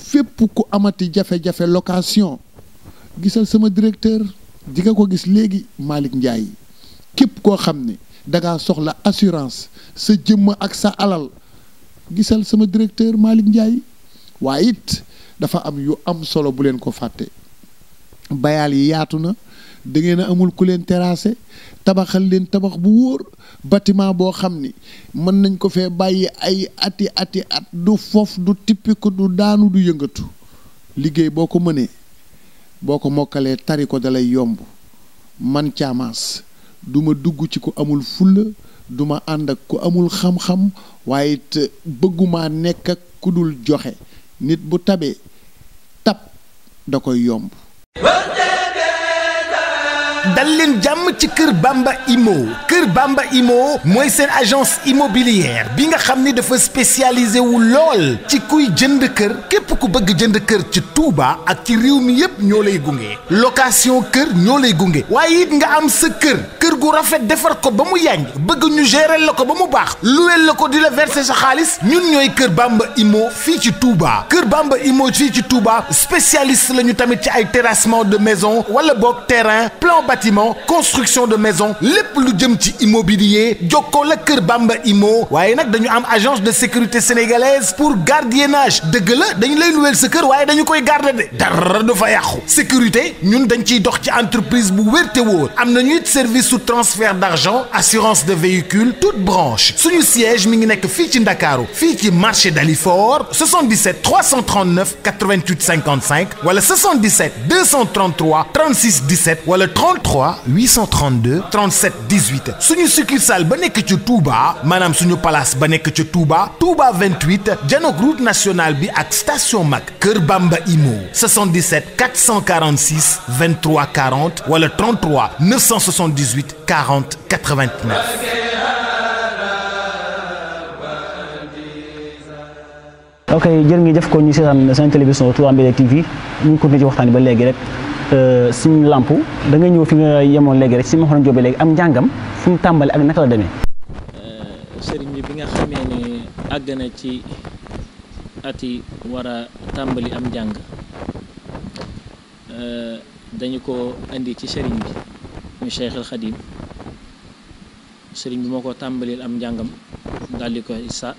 fépp ku amati jafe-jafe location gisal sama directeur di nga ko gis léegi Malick Ndiaye képp koo xam ni dangaa soxla assurance sa jëmm ak sa alal gisal sama directeur Malick Ndiaye waaye it dafa am yu am solo bu leen ko fàtte bayaal yi yaatu na dangeen ngeen amul ku leen terrassé tabaxal leen tabax bu wóor bâtiment boo xam ni mën nañ ko fee bàyyi ay ati ati at du fof du tippiku du daanu du yëngatu liggéey boo ko mënee boo ko mokkalee tari ko dalay yomb man caamaas du ma dugg ci ku amul fulla du ma ànd ak ku amul xam-xam waaye bëgguma nekk ak ku dul joxe nit bu tabee tab da koy yomb dal jam ci keur Bamba Imo keur Bamba Imo moy sen agence immobilière bi nga xamni dafa spécialisé wu lol ci kuy jënd keur kep ku bëgg jënd keur ci Touba ak ci réew mi yépp ñolay location keur ñolay lay waye it nga am sa keur keur gu rafet defar ko ba mu yañ bëgg ñu gérer lako ba mu baax di verser sa xaliss ñun ñoy keur Bamba Imo fi ci Touba keur Bamba Imo fi ci Touba spécialiste lañu tamit ci ay terrassement de maison wala bok terrain plan bâtiment construction de maisons, les plus jëm ci immobilier du la Bamba Immo am agence de sécurité sénégalaise pour gardiennage dëgg de dañu lay luweel de garder de dara du fa sécurité ñun dañ ciy dox entreprise bu te am nañu service sous transfert d'argent assurance de véhicules, toute branche sous siège mi ngi nekk fii ci dakaro marché Dalifort 77 339 88 55 wala 77 233 36 17 le 30 33 832 37 18 suñu succursale ba nek ci Touba manam suñu Palace ba nek ci Touba Touba 28 janook route nationale bi ak station Mac Keur Bamba Imo 77 446 23 40 wala 33 978 40 89. ok jërë ngi jëf ko télévision Touba TV ñu ci ba Euh, Serigne Lampo da nga ñëw fi nga yemoon léegi rek si ma xoon jóobe léegi am njàngam fu mu tàmbali ak naka la demee. Euh, sëriñ bi bi nga xamee ne àgg na ci ati war a tàmbali am njàng euh, dañu ko indi ci sëriñ bi muy Cheikh al sëriñ bi moo ko tàmbali am njàngam daal di ko sa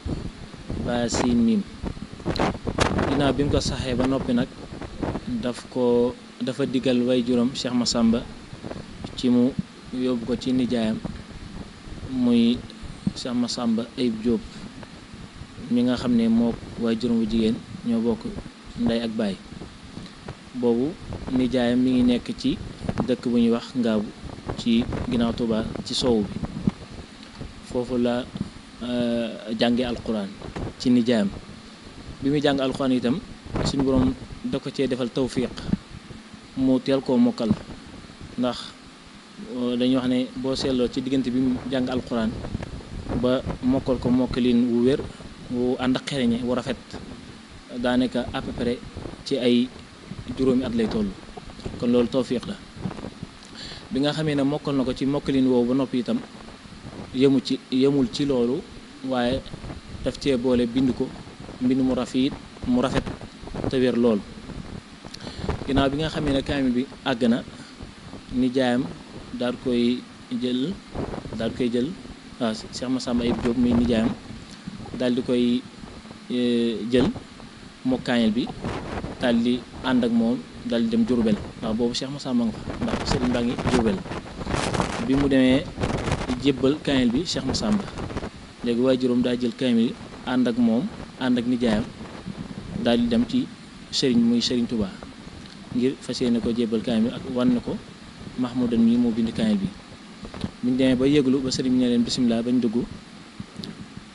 ba siin miim ginnaaw bi mu ko saxee ba noppi nag daf ko dafa diggal way juróom ma Massamba ci mu yóbbu ko ci nijaayam muy Cheikh sàmba Ayib jóob mi nga xam ne moo way juróom bu jigéen ñoo bokk ndey ak baay boobu nijaayam mi ngi nekk ci dëkk bu ñuy wax ngaabu ci ginnaaw Tuuba ci soow bi foofu la euh, jànge alquran ci nijaayam bi muy jàng alquran itam suñu boroom da ko cee defal tawfiq mu teel ko mokal ndax eh, dañuy wax ne bo seetloo ci digënté bi jang alquran ba mokal ko mokalin wu wër wu and ak wu rafet danaka à peu près ci ay juroomi at lay toll kon loolu tawfiq la bi nga xamé ne mokal nako ko ci mokalin wo bu nopi tam yëmu ci yëmul ci loolu waye daf ci bolé bindu ko mbind mu rafet mu rafet te ginnaaw bi nga xamee nag kaamil bi àgg na nijaayam daal koy jël daal koy jël waaw Cheikh Massamba Ayib Diop muy nijaayam daal di koy e, jël mu kaamil bi daal di ànd ak moom daal di dem Jurbel ndax boobu Cheikh Massamba nga fa ndax bi mu demee jébbal kaamil bi Cheikh Massamba léegi waaye juróom daa jël bi ànd ak moom ànd ak nijaayam daal di dem ci Serigne muy Serigne Touba. ngir fas yéene ko jébbal kaamil bi ak wan na ko Mahmoudan mi moo bind kaamil bi buñ demee ba yëglu ba sëriñ bi ne leen bisimilah bañ dugg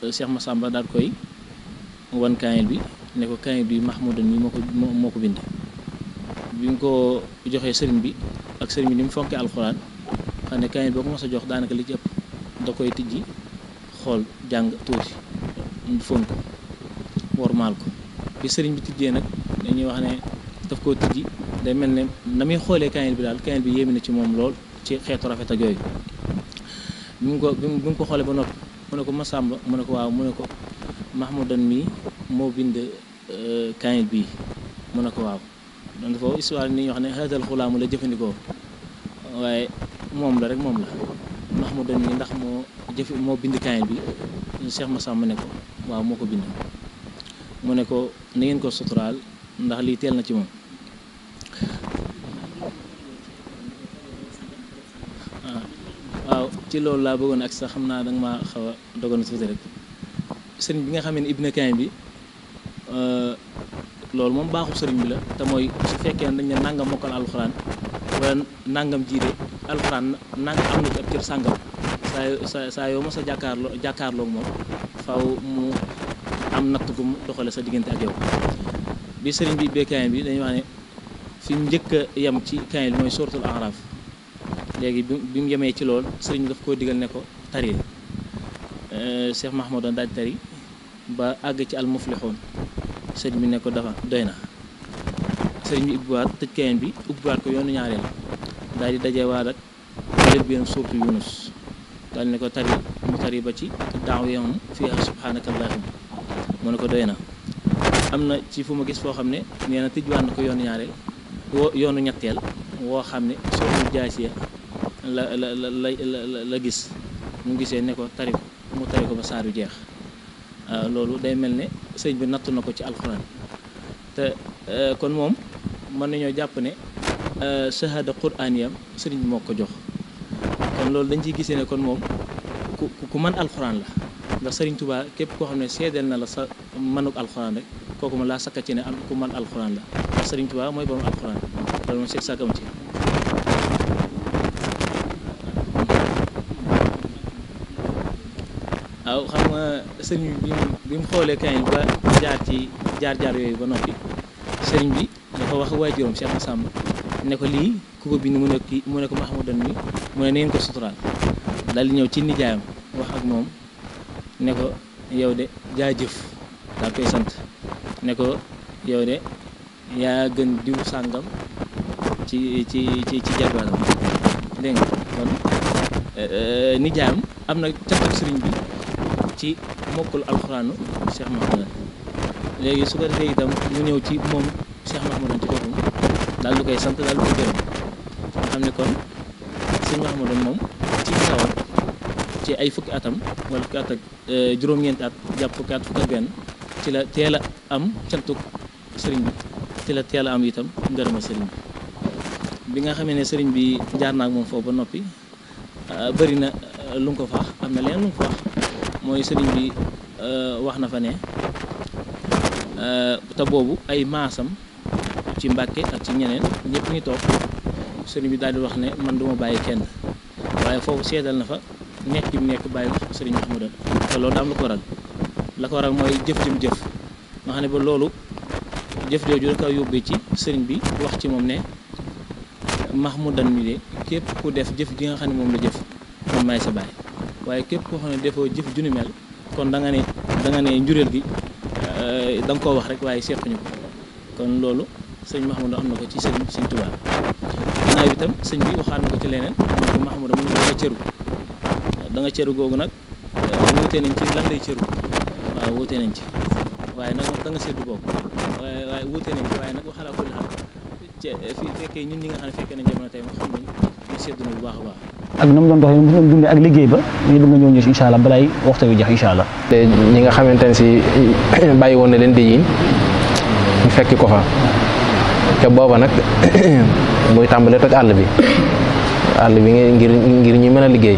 ma Massamba daal koy wan kaamil bi ne ko kaamil bi Mahmoudan mi moo ko moo ko bind bi mu ko joxee sëriñ bi ak sëriñ bi ni mu fonkee alxuraan xam ne kaamil boo ko mos a jox daanaka li ci ëpp da koy tijji xool jàng tuuti fon ko wormaal ko bi sëriñ bi tijjee nag dañuy wax ne daf koo tijji day mel ne na muy xoolee kaayil bi daal kaayil bi yéeme na ci moom lool ci xeetu rafet ak yooyu bi mu ko bi mu ko xoolee ba nopp mu ne ko Masamba mu ne ko waaw mu ne ko Mahmoudan mi moo bind kaayil euh, bii mu ne ko waaw donc foofu histoire ni wax ne xeetal xulaamu la jëfandikoo waaye moom la rek moom la Mahmoudan ndax moo jëf moo bind kaayil bi Cheikh Masamba ne ko waaw moo ko bind mu ne ko ni ngeen ko suturaal ndax lii teel na ci moom ci loolu laa bëggoon ak sax xam naa danga maa xaw a dogoon tuuti rek bi nga xam ne ibne kayn bi euh, loolu moom baaxu sëriñ bi la te mooy su fekkee dañ ne nangam mokkal alxuraan wala nangam jiite alxuraan nangam am na ci ab cër sàngam saa saa saa yoo mos a jàkkaarloo jàkkaarloog moom faw mu am natt ko mu doxale sa diggante ak yow bi sëriñ bi ibne kayn bi dañuy wax ne fi mu njëkk a yem ci kayn bi mooy suratul araf léegi bi bi mu yemee ci lool sëriñ bi daf koo digal ne ko taril euh, Cheikh Mahmoudan daaj tari ba àgg ci almuflixoon sëriñ bi ne ko dafa doy na sëriñ bi ubbiwaat tëj bi ubbiwaat ko yoonu ñaareel daal di dajewaat ak jël benn suurtu Yunus daal ne ko tari mu tari ba ci daaw fii fiha subhanaka allahumma mu ne ko doy na am na ci fu ma gis foo xam ne nee na tëjwaat na ko yoonu ñaareel yoonu ñetteel woo xam ne soo jaasiya la la la la gis mu gisee ne ko tari ko mu tari ko ba saar yu jeex ah, loolu day mel ne sëñ bi nattu na ko ci alxuraan te eh, kon moom mën nañoo jàpp ne eh, shahada quraan yam sëriñ bi moo ko jox loolu dañ ciy gisee ne kon moom ku ku mën alxuraan la ndax sëriñ Tuubaa koo xam ne seedeel na la sa mënuk alxuraan rek kooku ma laa sakka ci ne am ku mën alxuraan la ndax sëriñ Tuubaa mooy borom alxuraan loolu moom seet sàkkam ci waaw xam nga sëriñ bi bi mu xoolee Kayin ba jaar ci jaar-jaar yooyu ba noppi sëriñ bi ko wax waajuram Cheikh sàmm ne ko lii ku ko bind mu ne ki mu ne ko Mahmoudan mi mu ne neen ko suturaal daal di ñëw ci nijaayam wax ak moom ne ko yow de jaajëf daal koy sant ne ko yow de yaa gën diw sàngam ci ci ci ci jarbaaram dégg kon eh, eh, nijaayam am na càq ak sëriñ bi. ci mokul alxuraanu Cheikh mahamoud legui su ko defé itam mu ñew ci mom Cheikh mahamoud ci boppam dal du kay sant dal du koy xamni kon cheikh mahamoud mom ci gisawam ci ay fukki atam wala fukki at ak euh, juróom-ñeenti at japp fukki at fukki ben ci la téla am ciantu serigne bi ci la téla am itam ngërëma sëriñ bi bi nga xamee ne sëriñ bi jaar naa ak moom foofu ba noppi euh, na lu ko fa am na leen lu ko fa mooy sëriñ bi euh, wax na fa ne euh, te boobu ay maasam ci Mbàkke ak ci ñeneen ñëpp ñu toog sëriñ bi daal di wax ne man duma bàyyi kenn waaye foofu seetal na fa nekk bi mu nekk bàyyi sëriñ Mahmoudan te loolu daam lu waral la ko waral mooy jëf jëm jëf nga xam ne ba loolu jëf jooju da ko yóbbee ci sëriñ bi wax ci moom ne Mahmoudan mi de képp ku def jëf ji nga xam ne moom la jëf man maay sa bàyyi waaye képp koo xam ne defoo jëf ju mel kon da nga ne danga ne njuréel gi euh, danga ko wax rek waaye sequñu ko kon loolu sëñ Mahamadou am na ko ci sëñ sëñ Tuubaa naaw sëñ bi waxaat na ko ci leneen moo ko Mahamadou mu ne da nga cëru da cëru googu nag euh, wutee nañ ci lan lay cëru waaw wutee nañ ci waaye nag da nga seddu boobu waaye waaye wutee nañ ci waaye nag waxalaa ko li xam fi fekkee ñun ñi nga xam ne fekkee nañ jamono tey ma xam nañ ñu seddu na bu baax a baax ak nam doon doxee nam dund ak liggéey ba ñu bëgg ñu ñu ci inshallah balay waxta yu jax inshallah té ñi nga xamantene ci bayyi won na leen di ñu fekk ko fa té boba nak moy tambalé tok all bi all bi ngir ngir ñi mëna liggéey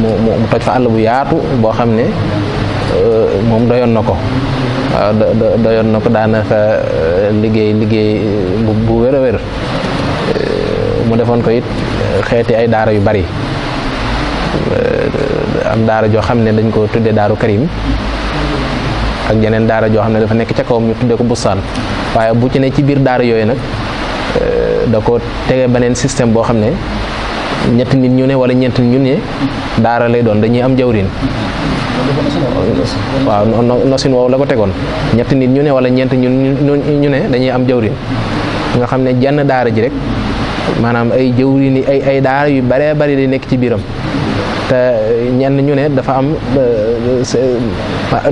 mu mu toj fa all bu yaatu bo xamné mom doyon nako doyon nako daana fa liggéey liggéey bu wëra wëra mu defoon ko it euh, xeeti ay daara yu bari euh, am daara joo xam ne dañ ko tuddee daaru karim ak jeneen daara joo xam ne dafa nekk ca kawam ñu tuddee ko bustaan waaye bu ci ne ci biir daara yooyu nag euh, da ko tege beneen système boo xam ne ñetti nit ñu ne wala ñeenti nit ñu ne lay doon dañuy am jawrin waaw nosin woow la ko tegoon ñetti nit ñu ne wala ñeent ñu ñu ne dañuy am jawrin nga xam ne jenn daara ji rek manam ay jeewrini ay ay daara yu bare bare li nek ci biram te ñenn ñu ne dafa am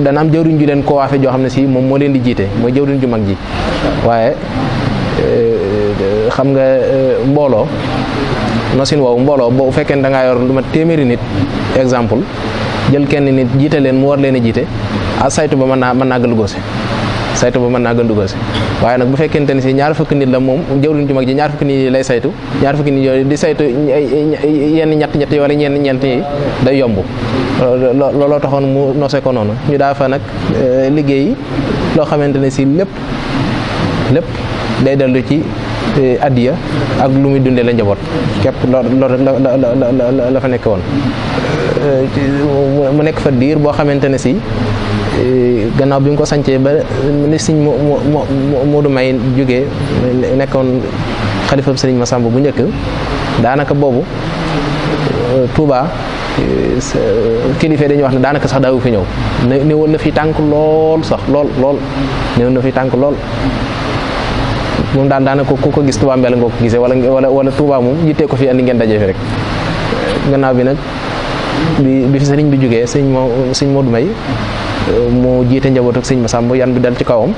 da na am jëwriñ ju leen ko waafe jo xamne si mom mo len di jité moy jëwriñ ju mag ji waye xam nga mbooloo machine woowu mbolo bo fekkee da nga yor luma ma nit exemple jël kenn nit jité len mu war len a jiite a saytu ba man na man na gël goose saytu ba mën naa gën dugal si waaye nag bu fekkente ni si ñaar fukki nit la moom jëwriñ ju ji ñaar fukki nit yi lay saytu ñaar fukki nit yooyu di saytu yenn ñett ñett yi wala ñenn ñeent yi day yomb looloo taxoon mu nose ko noonu ñu daa fa nag euh, liggéey loo xamante ne si lépp lépp day dellu ci euh, addiya ak lu muy dundee la njaboot képp loolu rek la la fa nekk woon euh, mu nekk fa diir boo xamante ne si gannaaw bi mu ko sancee ba li mo mo mo modou may jógee nekkoon khalifa sëriñ Massamba bu njëkk daanaka boobu euh, Touba euh, kilifa dañu wax ne daanaka sax daawu fi ñëw ne won na fi tank lool sax lool lool ne won na fi tank lool mu daan daanaka ku ko gis Touba mbel nga ko gisé wala wala wala Touba mu yittee ko fi andi ngeen dajé fi rek gannaaw bi nak bi bi fi sëriñ bi jógee sëñ mo sëñ Modou May mu jité njabot ak ma Masamba yan bi dal ci kawam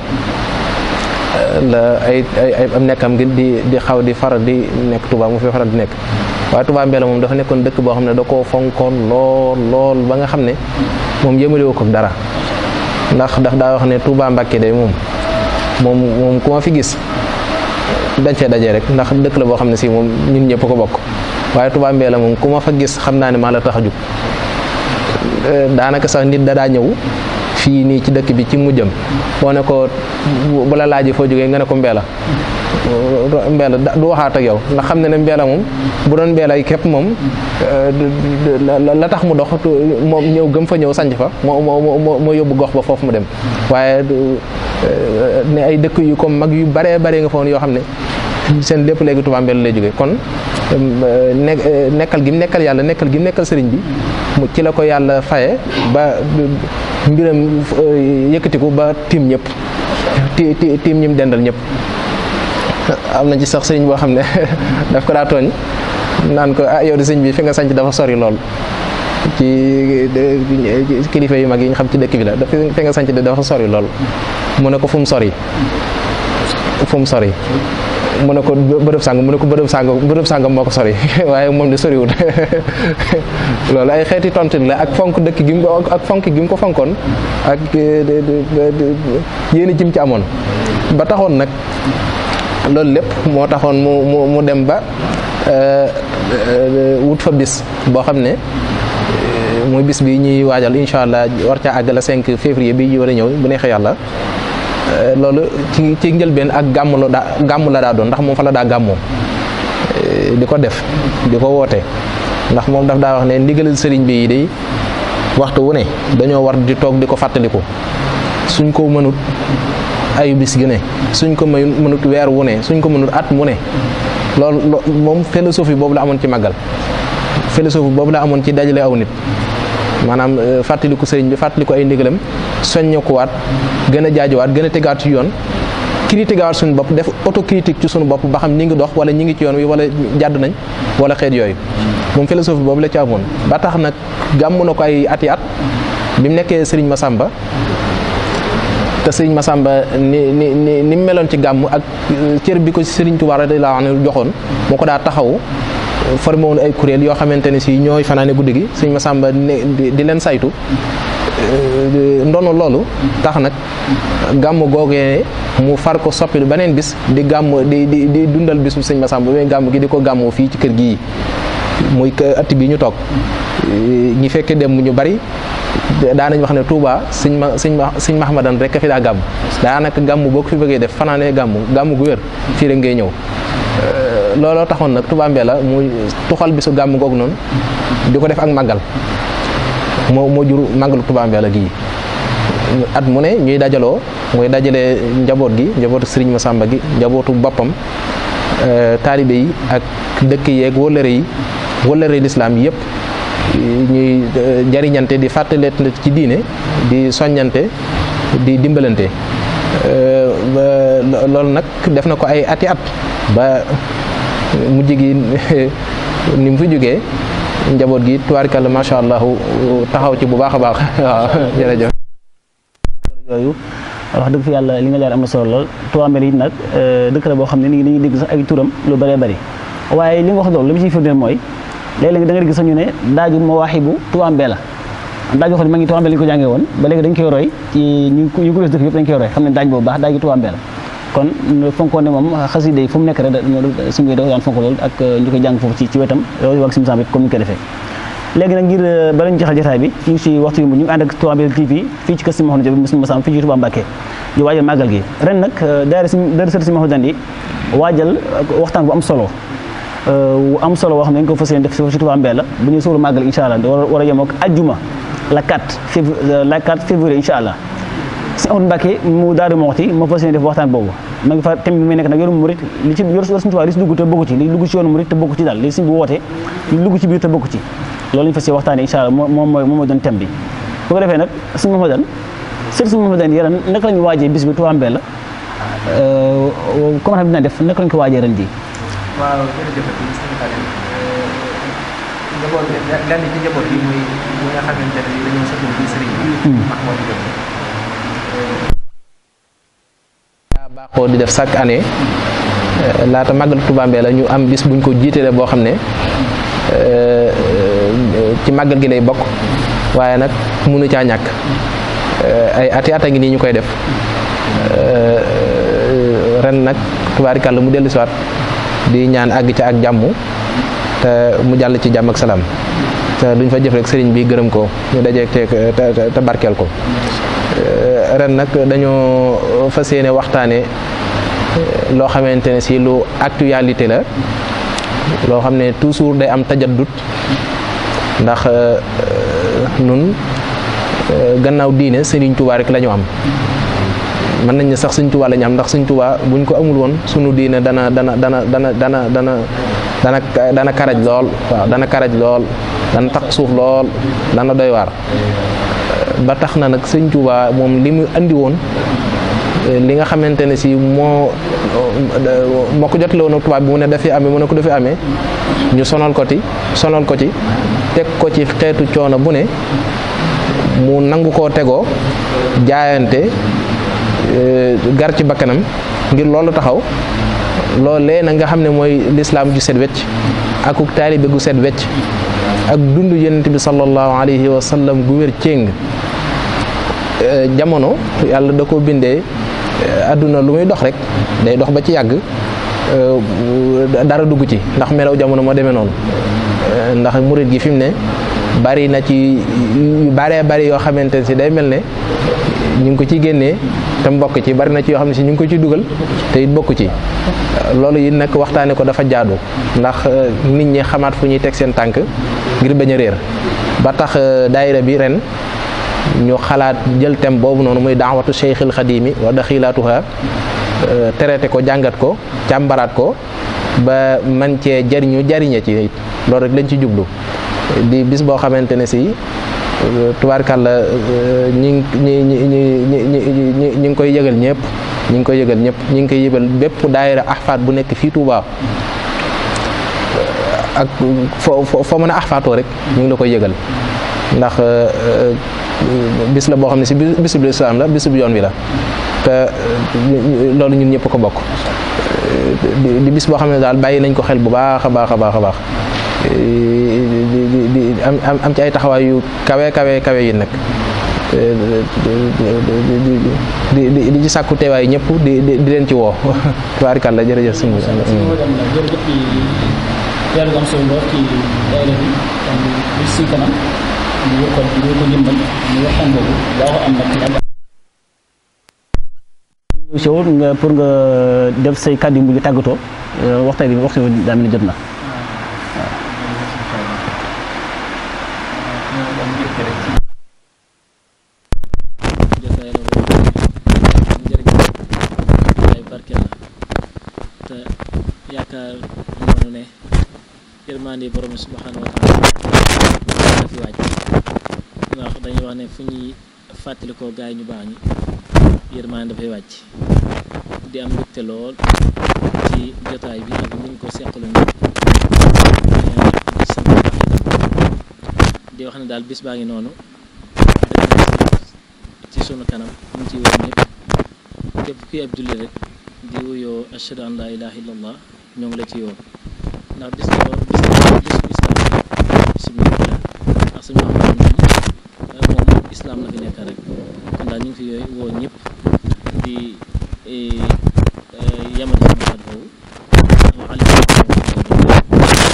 la ay ay am nekam gi di di xaw di faral di nek tuba mu fi faral di nek wa tuba mbela mom dafa nekkoon dekk bo xamne dako fonkon lol lol ba nga xamne mom yemele yëmalewu ko dara ndax ndax da wax ne tuba Mbàkke de mom mom mom ku fi gis dañ ci dajé rek ndax dekk la bo xamne si mom ñun ñepp ko bok waye tuba mbela mom kuma fa gis xamna ni la tax sax nit da da ñew fii nii ci dëkk bi ci mujjam boo ne ko bu la laajee foo jógee nga ne ko mbeela mbeela du waxaat ak yow ndax xam ne ne mbeela moom bu doon mbeela yi képp moom euh, la tax mu dox moom ñëw gëm fa ñëw sanc fa moo moo moo yóbbu gox ba foofu mu dem waaye euh, ne ay dëkk yu comme mag yu bare bare nga fa woon yoo xam ne seen lépp léegi Touba Mbella lay jóge kon euh, nekkal gi nekkal yàlla nekkal gi nekkal sëriñ bi ci la ko yàlla faye ba mbiram euh, yëkkatiku ba tiim ñëpp tiim ñim dendal ñëpp am na ci sax sëriñ boo xam ne daf ko daa tooñ naan ko ah yow di sëñ bi fi nga sanc dafa sori lool ci kilifa yu mag yi ñu xam ci dëkk bi la fi nga di dafa sori lool mu ne ko fu sori fu mu sori mu ne ko bërëb sàng mu ne ko bërëb sàng bërëb sàngam moo ko sori waaye moom de soriwut loolu ay xeeti tontin la ak fonk dëkk gi mu ak fonk gi mu ko fonkoon ak eh, yéen jim ci amoon ba taxoon nag loolu lépp moo taxoon mu mu dem ba eh, eh, wut fa bis boo xam ne mooy bis bi ñuy waajal incha allah war caa àgg la 5 février bi ñu wara ñëw bu neexee yàlla Euh, loolu ci ci njëlbeen ak gàmm la daa gàmm la doon ndax moom fa la daa gàmmoo euh, di ko def di ko woote ndax moom daf daa wax ne ndigalal sëriñ bi yi day waxtu wu ne dañoo war di toog di ko fàttaliku suñ ko mënut ayu bis gi ne suñ ko mënut weer wu ne suñ ko mënut at mu ne loolu moom philosophie boobu la amoon ci màggal philosophie boobu la amoon ci dajale aw nit maanaam euh, fàttaliku sëriñ bi fàttaliku ay ndigalam soññekuwaat gën a jaajuwaat gën a tegaat ci yoon critique waat suñu bopp def autocritique ci suñu bopp ba xam ñi ngi dox wala ñi ngi ci yoon wi wala jàdd nañ wala xeet yooyu moom philosophie boobu la ci amoon ba tax nag gàmm na ko ay ati at bi mu nekkee sëriñ Masamba te sëriñ Masamba ni ni ni ni mu meloon ci gàmm ak cër bi ko sëriñ Tuubaa radiyallaahu anhu joxoon moo ko daa taxawu formé woon ay kuréel yoo xamante ne si ñooy fanaane guddi gi sëriñ Masamba di leen saytu Euh, ndono loolu tax nag gàmm googee mu far ko soppi beneen bis di gàmm di di di dundal bisu sëñ Massamba bi gàmm gi di ko gàmmoo fii ci kër gi muy ëtt bi ñu toog euh, ñi fekkee dem ñu bari daa nañ wax ne Touba sëñ ma sëñ ma sëñ Mahamadan rek a fi daa gàmm daanaka gàmm boo ko fi bëggee def fanaanee gàmm gàmm gu fii rek ngay ñëw euh, looloo taxoon nag Touba la mu tuxal bisu gàmm googu noonu di ko def ak màggal moo moo jur màggalu Touba Mbélla gii at mu ne ñuy dajaloo mooy dajale njaboot gi njabootu ma Massamba gi njabootu boppam euh, taalibe yi ak dëkk yeeg wóllëre yi wóllëre lislaam yëpp ñuy euh, jariñante di fàttaleet ci diine di soññante di dimbalante euh, loolu nag def na ko ay ati at ba mujj gi ni mu fi jógee njaboot gi tubaarikàlla macha allah taxaw ci bu baax a baax waaw jërëjëf. yooyu wax yàlla li nga leer am na solo lool Touba Mérina nag euh, dëkk la boo xam ne nii dañuy dégg sax ay turam lu bëree bëri waaye li nga wax loolu li ma ciy firndeel mooy léeg-léeg da nga gis ñu ne daaju ma waxi bu Touba Mbella daaj waxoon ma ngi Touba Mbella lañu ko jàngee woon ba léegi dañ koy roy ci ñu ko ko dëkk yëpp dañ koy roy xam ne daaj boobu baax daaj gi Touba Mbella kon fonkoon ne moom xasida yi fu mu nekk rek suñ euh, koy daan fonk lool ak foofu ci ci wetam loolu ak sim sam bi comme ñu koy defee léegi nag ngir euh, bala ñu jeexal bi ñu ngi si waxtu yu ñu ngi ànd ak Touba Mbédél TV fii ci kër si Mouhamadou Diop Moussa Sam gi ren nag euh, daara si daara sëriñ si Mouhamadou Dandi waajal waxtaan bu am solo am solo boo xam ne fa ko fas yéene def si Touba Mbédél bu ñuy suuru màggal incha allah war a yem ak ajjuma la 4 fév la 4 février incha allah si amul Mbàkke mu daal di moxti ma fas yéene def waxtaan boobu ma ngi fa thème bi may nekk nag yoonu murit li ci yor suñu tubaab li si dugg te bokku ci li dugg ci yoonu murit te bokku ci daal li si bu woote li dugg ci biir te bokku ci loolu lañu fas yéene waxtaanee incha mooy doon thème bi bu ko defee nag suñu Mahmadan sër suñu Mahmadan bi Touba Mbella euh, la comment dina yi muy ñi nga xamante ne dañoo sëkkoon ci baaxoo di def chaque année euh, laata mag na Touba la ñu am bis buñ ko jiite la boo xam ne euh, euh, ci màggal gi lay bokk waaye nag mënu caa ñàkk ay ati ata ngi nii ñu koy def ren nag tubaarikàlla mu dellu siwaat di ñaan àgg ca ak jàmm te mu jàll ci jàmm ak salaam te duñ fa jëf rek sëriñ bi gërëm ko ñu dajeeg te te barkeel ko ren nag dañoo fas yéene waxtaane eh, loo xamante ne si lu actualité la loo xam ne toujours day am tajaddut ndax eh, nun eh, gannaaw diine Sëriñ Tuubaa rek lañu ñu am mën nañ ne sax Sëriñ Tuubaa la am ndax Sëriñ Tuubaa buñ ko amul woon sunu diine dana dana dana dana dana dana dana dana karaj lool waaw dana karaj lool dana taq suuf lool dana doy waar ba tax na nag Sëriñ Tuubaa moom li mu andi woon li nga xamante ne si moo moo ko jot la woon tubaab bi mu ne dafay amee mu ne ko dafay amee ñu sonal ko ci sonal teg ko ci xeetu coono bu ne mu nangu koo tegoo jaayante euh, gar ci bakkanam ngir loolu taxaw loolee nag nga xam ne mooy lislaam ju set wecc akuk taalibe gu set wecc ak dund yonent bi sallallahu alayhi wa sallam gu wér céng euh, jamono yàlla da ko bindee àdduna eh, lu muy dox rek day dox ba ci yàgg eh, dara dugg ci ndax melaw jamono moo demee noonu eh, ndax murit gi fi mu ne bari na ci yu baree bari yoo xamante ne si day mel ne ñu ngi ko ci génnee te mbokk ci bari na ci yoo xam ne si ñu ngi ko ci dugal te it bokk ci loolu yi nag waxtaane ko dafa jaadu ndax nit ñi xamaat fu ñuy teg seen tànk ngir bañ a réer ba tax daayira bi ren ñu xalaat jël thème boobu noonu muy daawatu Cheikhil Xadimi wa daxilaatuha euh, traité ko jàngat ko càmbaraat ko ba man cee jariñu jariñe ci it loolu rek lañ ci jublu di bis boo xamante ne si tubaarkàlla ñi ngi koy yëgal ñëpp ñi ngi koy yëgal ñëpp ñi ngi koy yëgal bépp daayira ahfaat bu nekk fii Touba ak fo fo mën a ahfaatoo rek ñu ngi la koy yëgal ndax euh, euh, bis la boo xam ne si bisub lislaam la bisub yoon wi la te loolu ñun ñëpp ko bokk di bis boo xam ne daal bàyyi nañ ko xel bu baax a baax a baax a baax di am ci ay taxawaay yu kawe kawe kawe yi nag di di ci sàkku teewaay ñëpp di di leen ci woo tabaarkalla jërëjëf ñu ngi nga pour nga def say kàddu yu tàggatoo euh, waxtaan bi waxtu bi daa mel na. dañuy wax ne fu ñuy fàttalikoo gaa yi ñu baax ñi yërmaande dafay wàcc di am mbégte lool ci jotaay bi ak ñu ko seqalu ñu eh, di wax ne daal bis baa ngi noonu ci sunu kanam ñu ciy woo ñëpp képp kuy ab julli rek di wuyoo ashhadu an laa ilaaha illallah ñoo ngi la ci yoon lislaam la fi nekk rek kon ñu di yemale si baat boobu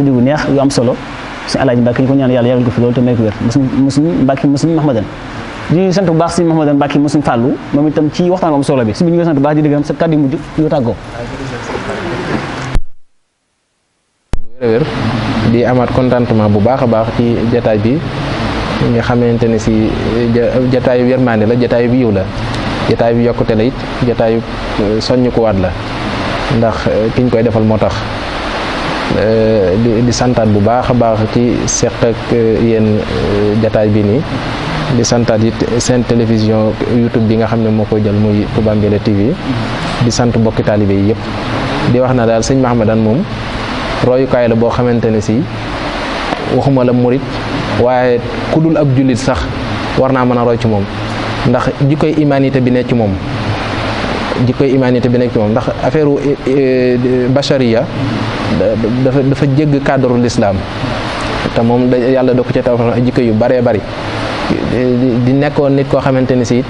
di gu neex yu am solo suñu alaaji Mbàkke ko ñaan yàlla yàlla ko fi loolu te may ko wér musuñ musuñ Mahmadan di sant bu baax suñu Mahmadan Mbàkke musuñ Fàllu moom itam ci waxtaan am solo bi sant baax di dëggam sa kàddu mujj yoo di amaat contentement bu baax ci bi nga xamanteni ne si jataayu yermande la jataayu yiw la bi yokkute la it ko euh, soññukuwaat la ndax euh, kiñ koy defal motax euh, di di santaat bu baax baax ci sekk ak yeen jotaay bi ni di santat it sen télévision youtube bi nga xam mo koy jël muy Touba TV di sant bokki taalibe yi di wax na seigne mohammedan mom royu kay la bo xamanteni si waxuma la murit waaye ku dul ab jullit sax war naa mën a roy ci moom ndax jikkoy imanité bi nekk ci moom jikkoy imanité bi nekk moom ndax affaire e, e, bachariya dafa dafa jégg cadre l'islam te moom da yàlla da ko ca taw ay jikko yu bëree bëri di nekkoon nit koo xamante ne si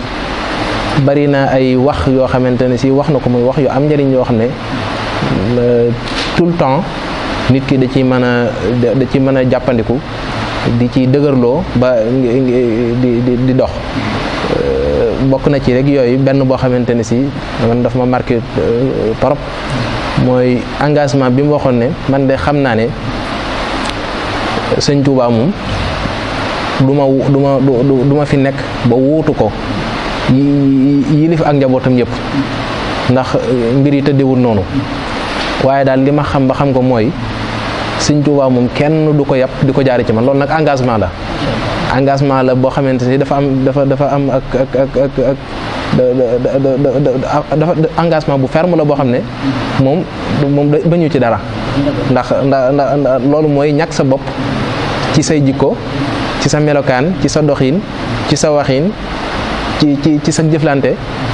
bari na ay wax yoo xamante ne si wax na ko muy wax yu am njëriñ yoo xam ne euh, tout le temps nit ki da ci mën a da ci mën a jàppandiku di ci dëgërloo ba di di dox euh, bokk na ci rek yooyu benn boo xamante ne si man daf ma marqué euh, trop mooy engagement bi mu waxoon ne man de xam naa ne sëñ Tuubaa moom du ma du ma du ma fi nekk ba wuutu ko yilif ak njabootam yëpp ndax euh, mbir yi tëddiwul noonu waaye daal li ma xam ba xam ko mooy sëñ Tuubaa moom kenn du ko yàpp di ko jaari ci man loolu nag engagement la engagement la boo xamante ni dafa am dafa dafa am ak ak ak ak ak la boo xam ne moom moom bañu ci dara ndax ndax loolu mooy ñàkk sa bopp ci say jikko ci sa melokaan ci sa doxin ci sa waxin ci ci sa jëflante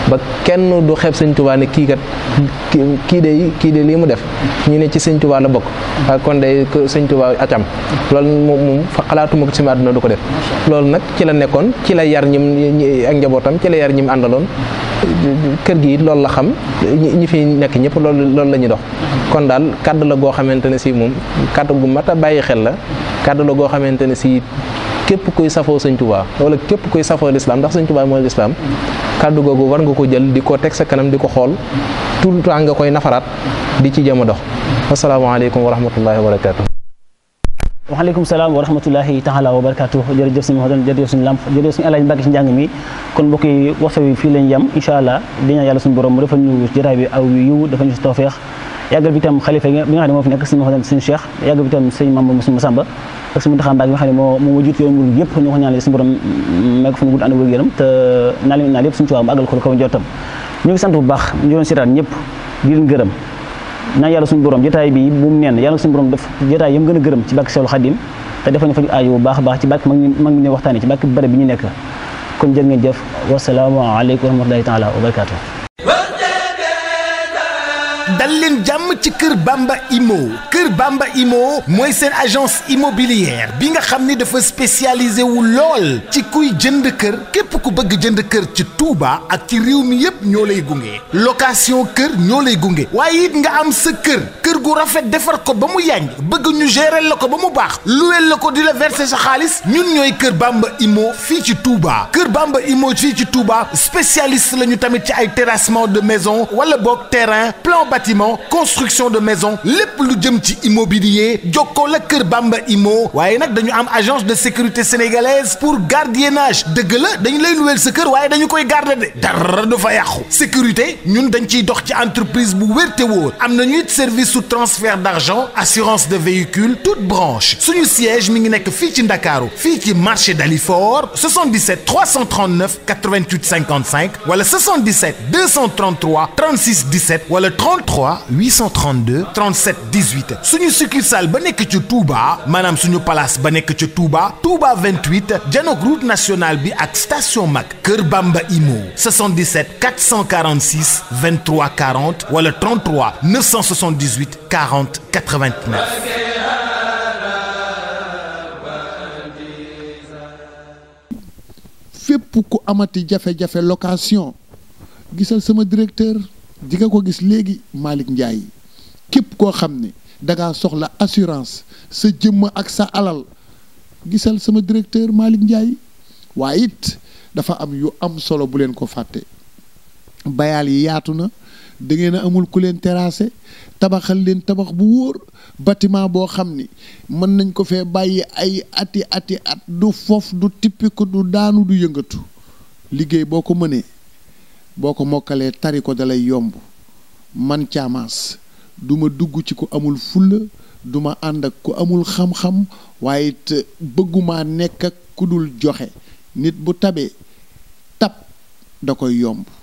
ba kenn du xeeb sëñ Tuubaa ne kii kat kii de kii de lii mu def ñu ne ci sëñ Tuubaa la bokk ah, kon day sëñ Tuubaa acam loolu moom moom fa xalaatuma si ci du ko def loolu nag ci la nekkoon ci la yar ñim ak ci yar ñim àndaloon kër gi it loolu la xam ñi fi nekk ñëpp loolu loolu la ñuy dox kon daal kàddu la goo xamante ne si moom kàddu gu mat a bàyyi xel la kàddu la goo xamante ne si képp koy safoo sëñ Tuubaa wala képp kuy safoo lislaam ndax sëñ Tuubaa mooy lislaam kàddu googu war nga ko jël di ko teg sa kanam di ko xool tout le temps nga koy nafaraat di ci jëm a dox asalaamaaleykum wa rahmatullahi wa barakaatu. waaleykum salaam wa rahmatulahi taala wa barakaatu jërëjëf suñu waxtaan jërëjëf suñu làmp jërëjëf suñu alaaj mbàkki si njàng mi kon mbokk yi waxtu wi fii lañ yem incha allah dina yàlla suñu borom mu defal ñu jëraay bi aw yiw dafa ñu si tawfeex yàggal bi itam xalifa bi nga xam ne moo fi nekk suñu waxtaan suñu cheikh yàggal bi itam sëñ Mamba Moussa Samba ak suñu taxaw mbaa gi nga xam ne moo moo jiit yoon mul yëpp ñu ko ñaanal suñu borom may ko fa nu gudd ànd wér yaram te naa leen naa yëpp suñu ci waa mu àggal ko kaw njortam ñu ngi sant bu baax ñu doon seetaan ñëpp di leen gërëm ñaan yàlla suñu borom jotaay bi bu mu neen yàlla suñu borom def jotaay yam gën a gërëm ci bàkk Seexul Xadim te defal ñu fa ñu aajo baax a baax ci bàkk mag ñu ne waxtaane ci bàkk bërëb bi ñu nekk kon jërë ngeen jëf wasalaamu aleykum wa taalaa taala wa barakatuh dal jam ci keur Bamba Imo keur Bamba Imo moy sen agence immobilière bi nga xamni dafa spécialisé wu lol ci kuy jënd keur kep ku bëgg jënd keur ci Touba ak ci réew mi yépp ñolay lay location keur ñolay lay waye it nga am sa keur keur gu rafet défar ko ba mu yañ bëgg ñu gérer la ba mu bax luweel lako di la verser sa xaliss ñun ñoy keur Bamba Imo fi ci Touba keur Bamba Imo fi ci Touba spécialiste lañu tamit ci ay terrassement de maison wala bok terrain plan bâtiment construction de maisons, les plus jëm immobilier joko la Bamba Imo n'ak dañu agence de sécurité sénégalaise pour gardiennage dëgg la lay garder de dara sécurité Nous dañ une dox entreprise pour te am service sous transfert d'argent assurance de véhicules, toute branche le siège mi ngi nekk marché Dalifort 77 339 88 55 wala 77 233 36 17 wala 30 33 832 37 18 suñu succursale Madame que ci Touba Touba Touba 28 Diano route nationale bi ak station Mac Kerbamba Imo 77 446 23 40 wala 33 978 40 89. fait ku amati jafé jafé location C'est mon directeur di nga ko gis léegi malik Ndiaye képp koo xam ne da ngaa soxla assurance sa jëmm ak sa alal gisal sama directeur maling jai, waaye it dafa am yu am solo bu leen ko fàtte bayaal yi yaatu na da ngeen amul ku leen terrassé tabaxal leen tabax bu wóor bâtiment boo xam ni mën nañ ko fee bàyyi ay ati ati at du fof du tippiku du daanu du yëngatu liggéey boo ko boo ko mokkalee tari ko dalay yomb man caamaas duma dugg ci ku amul fulla duma ànd ak ku amul xam-xam waaye eh, bëgguma nekk ak ku dul joxe nit bu tabee tab da koy yomb